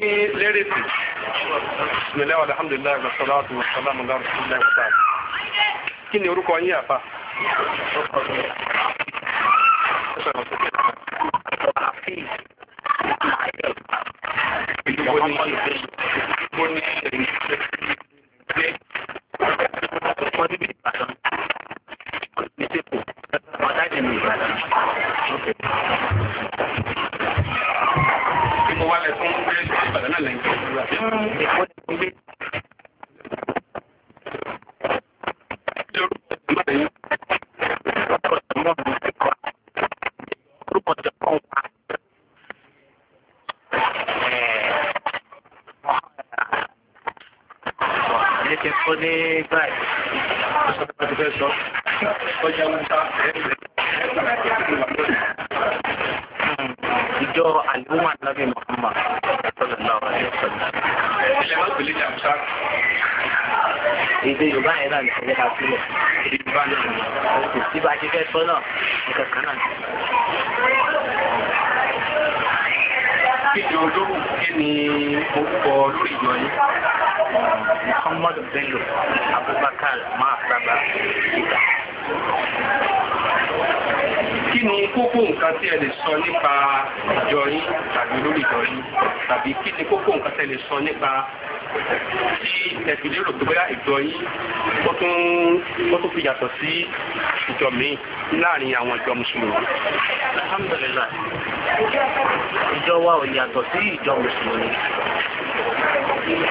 ní lérèdè bismillah alhamdulillah wassalatu wassalamu ala rasulillah wàtàlá kí ni orúkọ yín àfà Thank you. Èkó ni mo gbé. Ní ti fún ní báyìí, ó sọ pé wọ́n ti fẹ́ sọ, ó jẹ́ wọn sá, ẹ̀ ń bẹ̀. Ìjọ olóhùn kí ni orúkọ lórí ìjọ yìí? Muhammad Bello Abubakar máa sábà ìgbà. Kí ni kókó nǹkan tí ẹ lè sọ nípa ìjọ yìí tàbí olórí ìjọ yìí? Tàbí kí ni kókó nǹkan tí ẹ lè sọ nípa tí ẹ̀sìn lérò pé bóyá ìjọ yín ó tún ó tún fi yàtọ̀ sí ìjọ míì láàrin àwọn ìjọ mùsùlùmí. alhamdulillah ìjọ wa ò yàtọ̀ sí ìjọ mùsùlùmí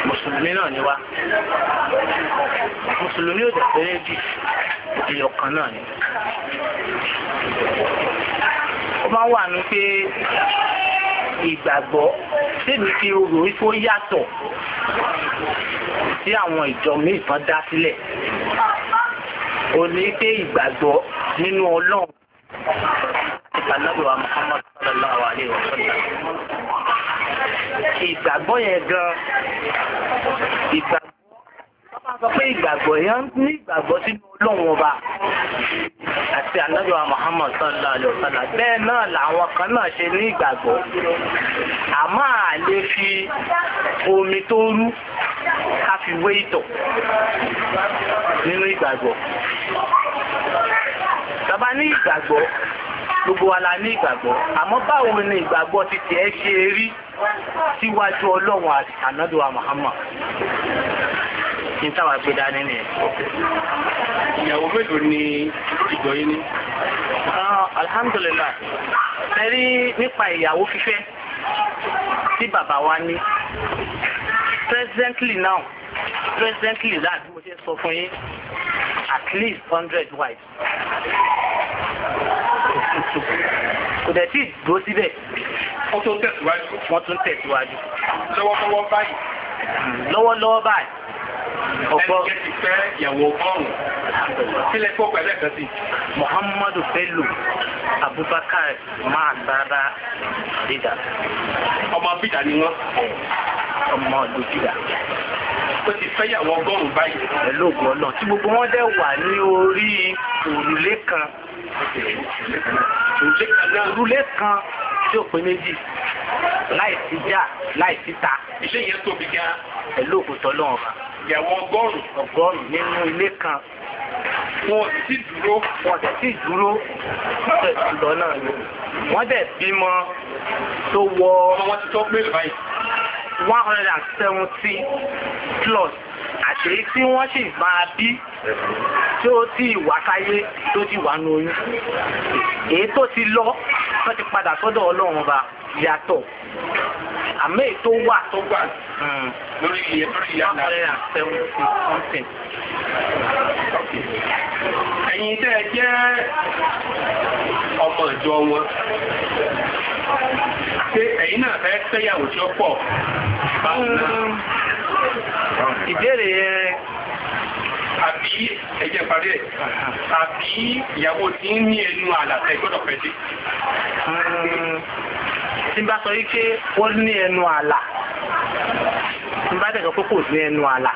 mùsùlùmí náà ni wá mùsùlùmí ò dẹ̀fẹ́rẹ́ bí èèyàn kan náà ni ó máa wà ní pé ìgbàgbọ́ tèmi fi rò wípé ó yàtọ̀ tí àwọn ìjọ míì kan dá sílẹ̀ ó ní pé ìgbàgbọ́ nínú ọlọ́run ìgbàlọ́wọ́ Muhammad sallallahu alayhi wa sallam ìgbàgbọ́ yẹn gan ìgbàgbọ́ wọ́n máa sọ pé ìgbàgbọ́ yẹn ní ìgbàgbọ́ sínú ọlọ́run ọba àti ànábì wa Muhammad sallallahu bẹ́ẹ̀ náà làwọn kan náà ṣe ní ìgbàgbọ́ A a lè fi omi tó rú ká fi wé ìtọ̀ nínú ìgbàgbọ́ tàbá ní ìgbàgbọ́ gbogbo wa la ní ìgbàgbọ́ àmọ́ báwo ni ìgbàgbọ́ ti tẹ̀ wa ní táwa gbé dání nìyẹn. ìyàwó mélòó ni ìjọ yín ní. Ah, alhamdulilah ẹ rí nípa ìyàwó fífẹ́ tí bàbá wa ní presently now presently that mo ṣe sọ fún yín at least hundred wives kò dẹ̀ tí ìdúró síbẹ̀ wọ́n tún tẹ̀síwájú lọ́wọ́lọ́wọ́ báyìí lọ́wọ́lọ́wọ́ báyìí ọ̀pọ̀ ìfẹ́ ìyàwó ọgọ́rùn-ún sílẹ̀ kó pẹ̀lẹ́ kan sí. Muhammadu Bello Abubakar máa sára dídà. ọmọ bídà ni wọ́n. ọmọ ìlú bídà. ó ti fẹ́ ìyàwó ọgọ́rùn-ún báyìí. pẹ̀lú ògùn ọ̀nà tí gbogbo wọn dẹ̀ wà ní orí òrùlé kan. òrùlé kan tí ò pé méjì láì sí já láì síta. ilé yẹn tóbi gan. pẹ̀lú òkúta ọlọ́run kan ìyàwó ọgọ́rùn-ún nínú ilé kan wọn sì dúró wọn sì sì dúró lọ náà ni wọ́n dẹ̀ bímọ tó wọ wọ́n one hundred and seventy plus àṣèyí tí wọ́n sì máa bí tí ó ti wà káyé tó ti wà ní oyún èyí tó ti lọ wọ́n ti padà sọ́dọ̀ ọlọ́run ba yàtọ̀ àmọ́ èyí tó wà tó wà hmm, lórí iye tó yà náà one hundred and seventy something. ẹ̀yin tẹ́ ẹ jẹ́ ọmọ ìjọ wọn ṣé ẹ̀yin náà fẹ́ fẹ́yàwó tí ó pọ̀ báwo hmm. náà. ìbéèrè yẹn àbí ẹjẹ́ parí ẹ̀ àbí ìyàwó tí ń ní ẹnu àlàfẹ́ gbọ́dọ̀ pẹ̀lú tí bá sọ wípé ó ní ẹnu àlà tí bá dẹ̀ sọ pé kò ní ẹnu àlà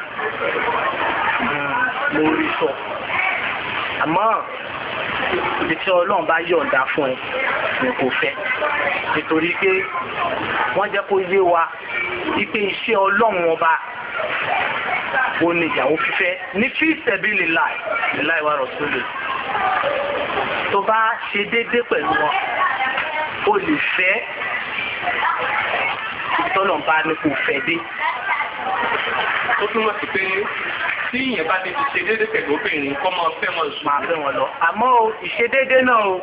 mo rí sọ àmọ́ ibi tí ọlọ́run bá yọ̀ǹda fún ẹ ni kò fẹ́ nítorí pé wọ́n jẹ́ kó yé wa wípé iṣẹ́ ọlọ́run ọba ó ní ìyàwó fífẹ́ ní fi sẹ́bílì láì láì wà rọ̀ sólè tó bá ṣe déédé pẹ̀lú wọn ó lè fẹ́ tọ́lọ̀ bá ní kò fẹ́ dé. ó túmọ̀ sí pé tí ìyẹn bá ti ṣe déédé pẹ̀lú obìnrin kọ́ máa fẹ́ wọn sùn. máa fẹ́ wọn lọ àmọ́ ìṣedéédé náà o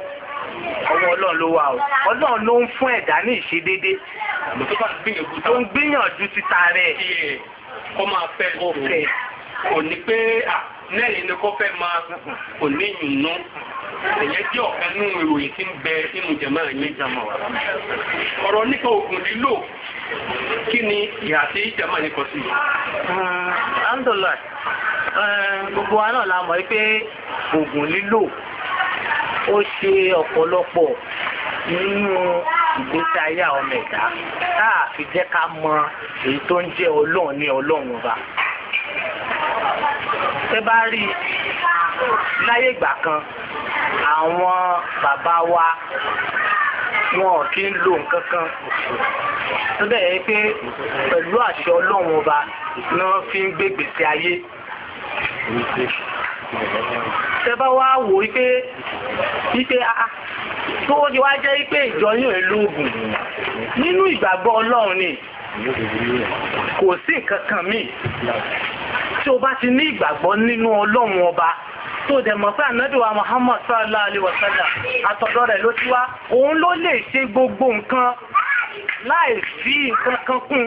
ọwọ́ ọlọ́run ló wà o ọlọ́run ló ń fún ẹ̀dá ní ìṣedéédé tó ń gbìyànjú títa rẹ̀ kọ́ máa fẹ́ kó fẹ́ kò ní pé nẹ́yìn ni kó fẹ́ máa kò ní ìyùnú èyẹ jẹ́ ọ̀kan nínú ìròyìn tí ń bẹ nínú jẹ̀mọ́ ẹ̀yìn jẹmọ́ ọ̀rọ̀ nípa oògùn lílò kí ni ìhà tí jẹmọ́ ẹ̀yìn kọ sí i. Ah, alhamdulillah eh, gbogbo wa náà la mọ̀ pé oògùn lílò ó ṣe ọ̀pọ̀lọpọ̀ nínú ìgbésí ayé àwọn ọmọ ẹ̀dá tá a fi jẹ́ ká mọ èyí tó ń jẹ́ ọlọ́run ní ọlọ́run ọba. ṣé bá rí láyé ìgbà kan àwọn bàbá wa wọn ò kí ń lo nǹkan kan síbẹ̀ yẹ pé pẹ̀lú àṣẹ ọlọ́run ọba ni wọ́n fi ń gbé ìgbésí ayé tẹbá wá wò wípé wípé ah, àá ah, tó ó ti wá jẹ́ wípé ìjọyún èlú ogun nínú ìgbàgbọ́ ọlọ́run ni kò sí nǹkan kan míì tí o bá ti ní ìgbàgbọ́ nínú ọlọ́run ọba tó dẹ̀ mọ̀ pé ànádùwà Muhammad sallallahu alaihi wasallam àtọ̀dọ̀ rẹ̀ ló ti wá òun ló lè ṣe gbogbo nǹkan láì fi nǹkan kan kún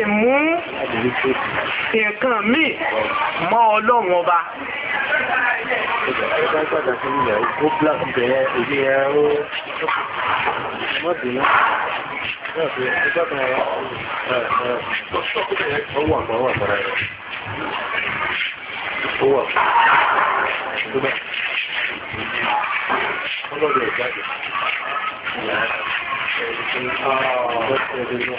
láì mú nǹkan míì mọ́ ọlọ́run ọba Ọlọ́dẹ̀ ìjáde. Ọlọ́dẹ̀ ìjáde.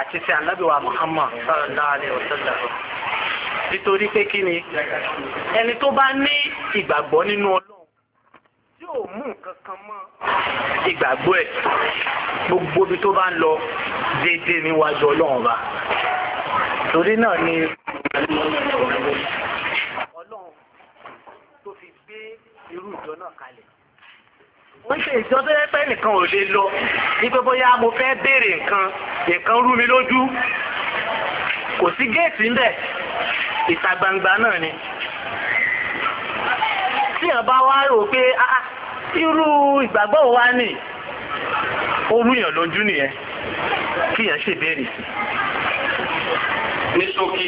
àti sí anábìwà Muhammad sallallahu alaihi wasallam nítorí pé kí ni ẹni tó bá ní ìgbàgbọ́ nínú ọlọ́run yóò mú nǹkan kan mọ́ ìgbàgbọ́ ẹ̀ gbogbo ibi tó bá ń lọ déédéé níwájú ọlọ́run bá torí náà ni ọlọ́run tó fi gbé irú ìjọ náà kalẹ̀ wọ́n ṣe ìjọ tó yẹ pé nìkan ò lè lọ ní pé bóyá mo fẹ́ béèrè nǹkan nǹkan rú mi lójú kò sí géètì ńbẹ̀ ìta gbangba náà ni tíyàn bá wá rò pé irú ìgbàgbọ́ wa nì ó rúyàn lójú nìyẹn kíyàn ṣèbéèrè sí. ní ṣókí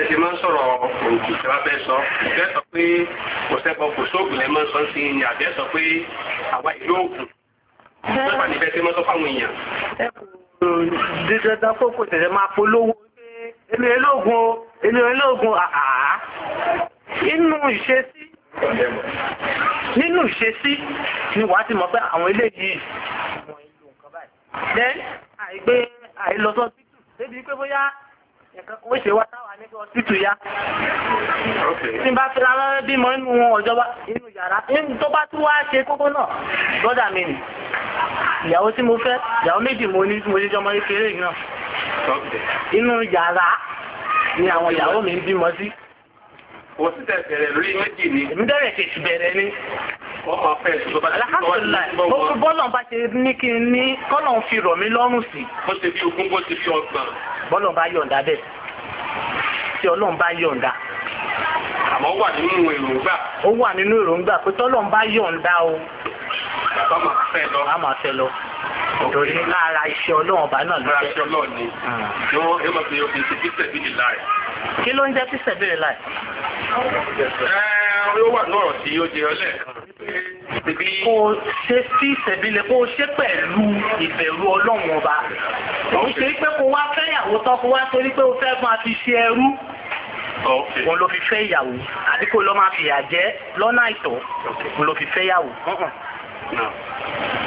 ẹ̀sìn máa ń sọ̀rọ̀ òògùn tí wọ́n fẹ́ sọ ìfẹ́ sọ pé kò sẹ́kọ̀ọ́ kò sóògùn lẹ́ máa ń sọ sí i ni àbẹ́ sọ pé àwa ìlú òògùn wọ́n bá nífẹ̀ẹ́ sí máa sọ fáwọn èèyàn. dídọ́dọ́ kókò tẹ̀lé máa polówó pé èmi olóògùn èmi olóògùn àhà inú ìṣesí nínú ìṣesí ni wàá ti mọ̀ pé àwọn eléyìí wọ́n ń lo nǹkan báyìí. àìgbé àìlọsọ títù débi pé bóyá ó ṣe wá táwà níbi ọ̀sítù ya tí bá fi lára bímọ inú ọjọ́bá inú yàrá tó bá tún wá ṣe kókó náà brọ́dà mi nì ìyàwó tí mo fẹ́ ìyàwó méjì mo ní mo jíjọ ọmọ kékeré náà inú yàrá ni àwọn ìyàwó mi ń bímọ sí. òsítẹ̀ bẹ̀rẹ̀ lórí alhamdulilayi mo bọ́lọ̀ bá ṣe ní kí n ní kọ́lọ̀ ń fi rọ̀ mí lọ́rùn sí. bó ṣe bí ogún bó ṣe bí ọgbọ̀n. bọ́lọ̀ bá yọ̀ǹda bẹ́ẹ̀ tí ọlọ́run bá yọ̀ǹda. àmọ́ wà nínú èròǹgbà. ó wà nínú èròǹgbà pé tọ́lọ́run bá yọ̀ǹda o. bàbá máa fẹ́ lọ. a máa fẹ́ lọ. torí lára iṣẹ́ ọlọ́run ọba náà ló jẹ́. lára iṣẹ́ ọlọ́run ni. Hmm. yóò máa fi ọkùnrin ṣe bí sẹ̀bìrì láì. kí ló ń jẹ́ bí sẹ̀bìrì láì? ẹ ó wà náà tí ó jẹ ọlẹ́ kò ṣe sí ìṣẹ̀bílẹ̀ kò ṣe pẹ̀lú ìbẹ̀rù ọlọ́run ọba òun ṣe pé kò wá fẹ́yàwó tán kò wá torí pé ó fẹ́ máa fi ṣe ẹrú wọn ló fi fẹ́ ìyàwó àbí kò lọ́ máa fìyà jẹ lọ́nà àìtọ́ wọn ló fi fẹ́ ìyàwó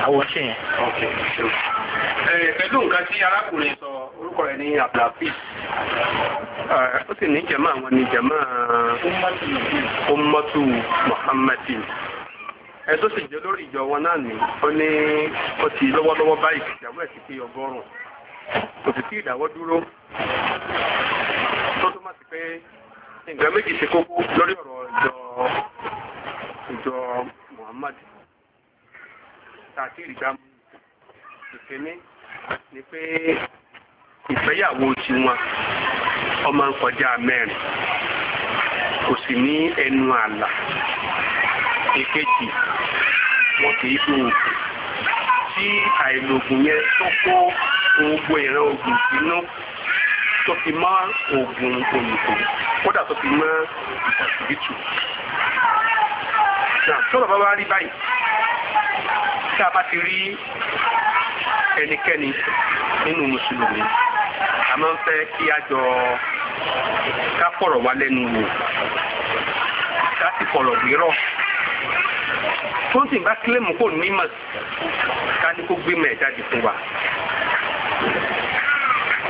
àwọn ṣe yẹn. Eh, pẹ̀lú nǹkan tí arákùnrin sọ orúkọ rẹ̀ ní abdulhafiz Ah, ó sì ní jama àwọn ummatu muhammadin ẹ sì jẹ́ lórí ìjọ wọn náà ni ó ní ó ti lọ́wọ́lọ́wọ́ báyìí ìyàwó ẹ̀ ti pé ọgọ́rùn-ún kò sì sí ìdáwọ́ dúró tó túmọ̀ sí pé nǹkan méjì muhammad ìkíní ni pé ìfẹ́yàwó tiwọn ọmọ ń kọjá mẹ́rin kò sì ní ẹnu àlà èkejì wọn kì í lo oògùn tí àìlògùn yẹn tó kó gbogbo ìran oògùn sínú tó fi mọ́ oògùn òyìnbó kódà tó fi mọ́ ìtàsíbítù. Nà tó bàbá wa rí báyìí tá a bá ti rí ẹnikẹ́ni nínú mùsùlùmí a máa ń fẹ́ kí a jọ ká fọ̀rọ̀ wá lẹ́nu wò ká sì fọ̀rọ̀ gbérọ̀ tó ń sì bá kílẹ̀mù kò nímọ̀ ká ní kó gbémọ̀ ẹ̀ jáde fún wa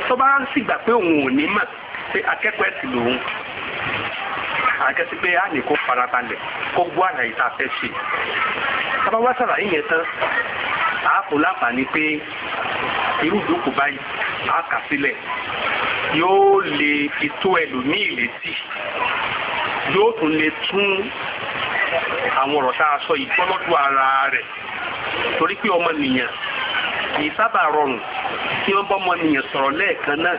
tó bá sì gbà pé òun ò nímọ̀ pé akẹ́kọ̀ọ́ ẹ̀sìn lòun àjẹsí pé a ní kó farabalẹ̀ kó gbọ́ àlàyé tá a fẹ́ ṣe tábà wá sàlàyé yẹn tán àápò láǹfààní pé irú ìjókòó báyìí á kà sílẹ̀ yóò lè fi tó ẹlòmíì létí yóò tún lè tún àwọn ọ̀rọ̀ tá a sọ yìí gbọ́lọ́dún ara rẹ̀ torí pé ọmọnìyàn kì í sábà rọrùn kí wọ́n bọ́ ọmọnìyàn sọ̀rọ̀ lẹ́ẹ̀kan náà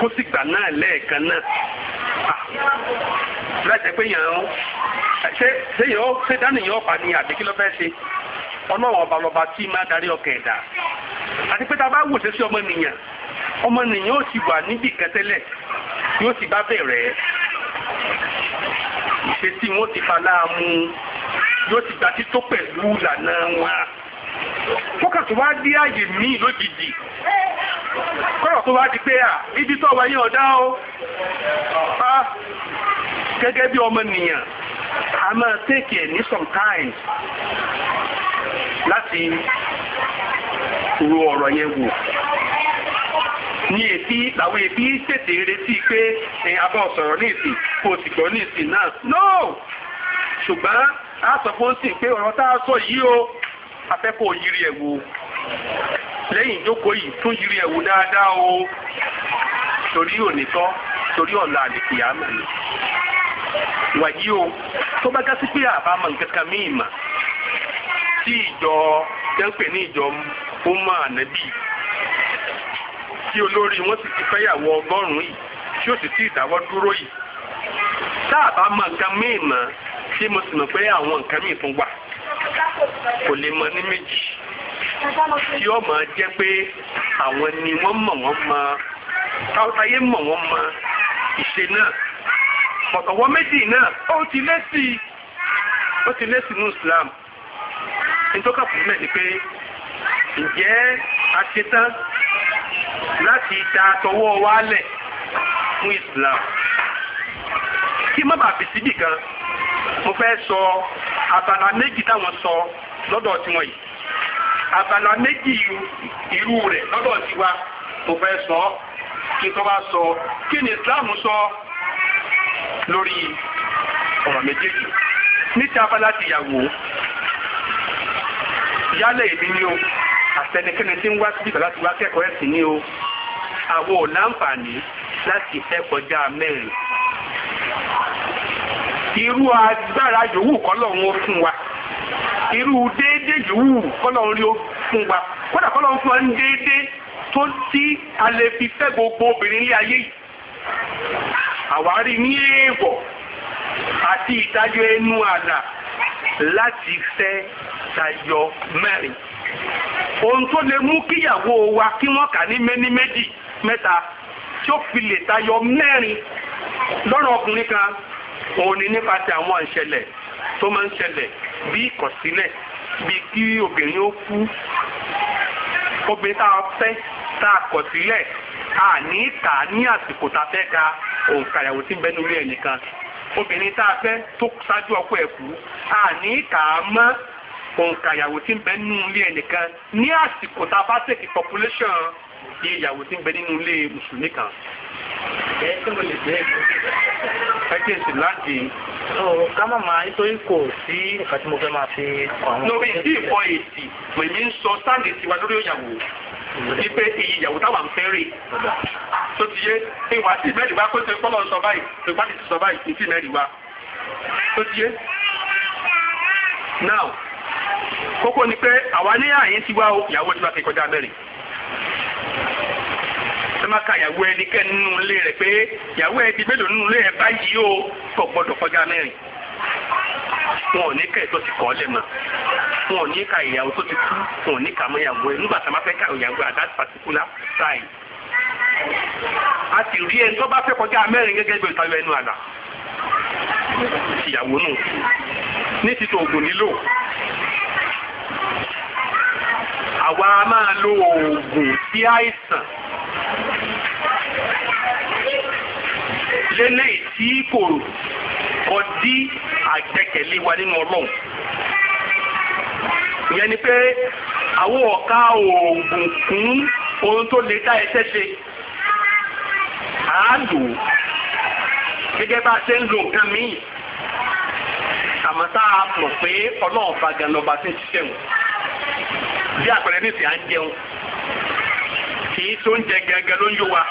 kó sì gbà náà lẹ́ẹ̀kan náà láti pé yàn án ṣé ṣé yàn ó ṣé dání yàn ó pa ni àbí kí ló fẹ́ ṣe ọlọ́wọ́n ọba lọ́ba tí máa darí ọkàn ẹ̀dá àti pé ta bá wò sí ọmọnìyàn ọmọnìyàn ó ti wà níbì kẹtẹ́lẹ̀ yóò ti bá bẹ̀rẹ̀ ìṣesí wọn ti falá mu yóò ti gbà tító pẹ̀lú ìlànà wọn kókà tó wá dé àyè míì lójijì kọ́rọ̀ tó wá di pé à ibi tó wáyé ọ̀dá ó á gẹ́gẹ́ bí ọmọnìyàn a máa take it ní sometimes láti ro ọ̀rọ̀ yẹn wò ní ètí làwọn ètí tètè retí pé ẹ̀yìn abọ́ sọ̀rọ̀ ní ìsìn kò sì gbọ́ ní ìsìn náà no ṣùgbọ́n a sọ fún sí pé ọ̀rọ̀ tá a sọ yìí o afẹ́kọ̀ yiri ẹ̀ wò lẹ́yìn ìjókòó yìí tún yiri ẹ̀ wò dáadáa o torí òní kọ́ torí ọ̀la àdìkìyà mẹ́rin wàyí o tó bá gásí pé àbámọ̀ nǹkan kan míì mà tí ìjọ tẹ́ ń pè ní ìjọ fún máa nẹ́bí tí olórí wọn sì ti fẹ́yàwó ọgọ́rùn-ún yìí tí ó sì ti ìdáwọ́ yìí táàbà mọ nǹkan míì mọ tí mo sì mọ̀ pé àwọn nǹkan míì tún wà kò lè mọ ní méjì tí ó jẹ́ pé ni wọ́n mọ̀ wọ́n mọ táwọ́táyé mọ̀ wọ́n mọ ìṣe náà ọ̀wọ́ méjì náà ó ti lé sí ó ti lé sí ní ǹjẹ́ a ṣe tán láti da tọwọ́ wa lẹ̀ fún Islam kí má bàa fèsì bì kan mo fẹ́ sọ abala méjì táwọn sọ lọ́dọ̀ tiwọn yìí abala méjì irú rẹ̀ lọ́dọ̀ tiwa mo fẹ́ sọ kí tó bá sọ kí ni Islam sọ lórí ọ̀rọ̀ méjèèjì ní ti abala tìyàwó yálẹ̀ èmi ni o àtẹnikẹ́ni tí ń wá sí ìgbà láti wá kẹ́kọ̀ọ́ ẹ̀sìn ní o àwọn ò láǹfààní láti fẹ́ kọjá mẹ́rin irú agbára yòówù kọ́lọ́run ó fún wa irú déédé yòówù kọ́lọ́run rí ó fún wa kódà kọ́lọ́run fún wa ní déédé tó tí a lè fi fẹ́ gbogbo obìnrin ní ayé yìí àwárí ní èèwọ̀ àti ìtajọ ẹnu àlà láti fẹ́ tayọ mẹ́rin ohun tó lè mú wa kí wọ́n kà ní méní méjì mẹ́ta tí ó fi lè tayọ mẹ́rin lọ́rọ̀ ọkùnrin kan òun ni nípa ti àwọn ìṣẹ̀lẹ̀ tó máa ń ṣẹlẹ̀ bí ìkọ̀sílẹ̀ bí kí obìnrin ó kú obìnrin tá a fẹ́ tá a kọ̀ sílẹ̀ a ní ìta ní àsìkò tá a fẹ́ ka òǹkà ìyàwó tí ń nínú ẹ̀ nìkan obìnrin tá a fẹ́ tó ṣáájú a ní ìta òǹkà ìyàwó tí ń bẹ nínú ilé ẹnìkan ní àsìkò tá bá tèkì population iye ìyàwó tí ń bẹ nínú ilé mùsùlùmí kan. ẹ tí mo lè gbé e. ẹ kí n sì láti. ká má máa nítorí kò sí nǹkan tí mo fẹ́ máa fi kọ́ àwọn. lórí ìdí ìfọ èsì mèmí ń sọ sáǹdì tiwa lórí ìyàwó wípé iye ìyàwó táwa ń fẹ́ tó ti yé ìwà tí ìmẹ́rì wa kó ti sọ now kókó ni pé àwa ní àyín tiwa o ìyàwó tiwa kì í kọjá mẹ́rin ẹ má ka ìyàwó ẹnikẹ́ni nínú ilé rẹ̀ pé ìyàwó ẹ ti mélòó nínú ilé rẹ̀ báyìí o kò gbọ́dọ̀ kọjá mẹ́rin wọn ò ní ká ètò ti kọ́ lẹ̀ mọ́ wọn ò ní ka ìyàwó tó ti kú wọn ò ní ka mọ́ ìyàwó ẹ nígbà tá a máa fẹ́ ka ìyàwó at that particular time a sì rí ẹni tó bá fẹ́ kọjá mẹ́rin gẹ́gẹ́ bí ìtayọ ẹnu àlà ìyàwó nù ní títí oògùn nílò àwa a máa lo oògùn sí àìsàn lélẹ́yìí tí kò kọdí àgbẹ̀kẹ̀lé wa nínú ọlọ́run ìyẹn ni pé àwọn ọ̀ka oògùn kún ohun tó lè dá ẹsẹ̀ ṣe àálù gẹ́gẹ́ bá ṣe ń lo nǹkan míì àmọ́ mọ̀ pé ọlọ́run fagan lọ́ba tí ń ṣiṣẹ́ wọn bí àpẹẹrẹ ní ìsìn à ń jẹun kì í tó ń jẹ gẹ́gẹ́ ló ń yó wa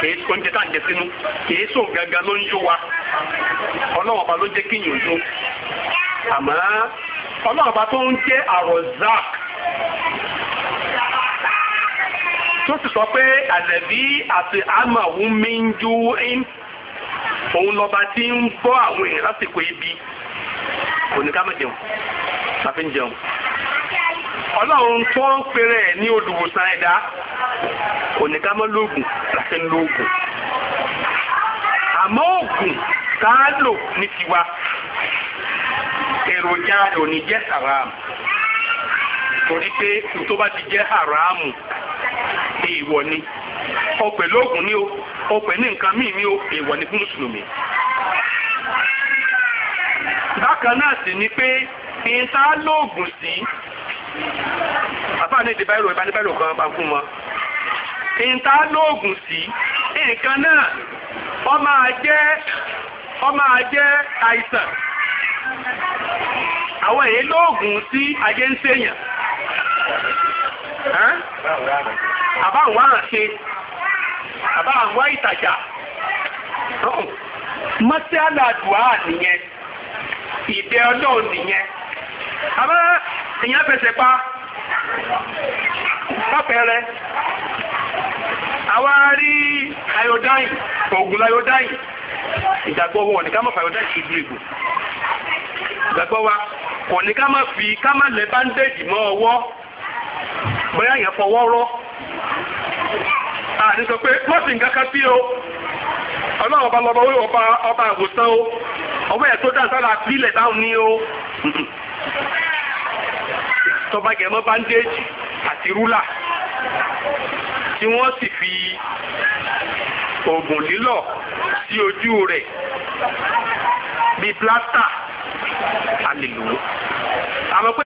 kìí oúnjẹ tá à ń jẹ sínú kìí sùn gangan ló ń yó wa ọlọ́wọ́n ọba ló jẹ́ kí yìnyín yó àmọ́ ọlọ́wọ́n ọba tó ń jẹ́ àròzák tó sì sọ pé àlẹ́bí àti àmàwù mi ń ju ẹ́yìn òun lọ́ba tí ń bọ́ àwọn èèyàn lásìkò ibi kò ní ká má jẹun àfi ń jẹun ọlọ́run tó ń pèrè ní olùwòsàn ẹ̀dá oníkámọ́ lóògùn láti ń lóògùn àmọ́ òògùn tá a lò ní tiwa èròjà rẹ̀ ní jẹ́ haram torí pé tó bá ti jẹ́ haramu èèwọ̀ ni ọpẹ lóògùn ni o ọpẹ ní nǹkan míì ni o èèwọ̀ ni fún mùsùlùmí bákan náà sì ni pé ní tá lóògùn sí àfáà ní ìdìbáìrò ìbánibáìrò kan bá fún wọn ní tá lóògùn sí nǹkan náà ọ máa jẹ́ máa jẹ́ àìsàn àwọn èyí lóògùn sí ajé ń sèyàn àbáwọ̀ àṣe àbáwọ̀ ìtajà mọ́sí nìyẹn nìyẹn àbẹ́rẹ́ èyàn fẹsẹ̀ pa pápẹ̀rẹ àwa iodine ọ̀gùn iodine ìgbàgbọ́ wọn ní ká iodine si ìgbò ìgbàgbọ́ wa kò ní ká fi ká mọ̀ lẹ báńdẹ́ẹ̀jì mọ́ ọwọ́ yẹn fọwọ́ rọ́ sọ pé sí o ọba o ọwọ́ ẹ̀ tó sílẹ̀ dáhùn ní o tó bá jẹ mọ́ bandage àti rúlà tí wọ́n sì fi oògùn lílọ̀ sí ojú rẹ̀ bíi plátà a lè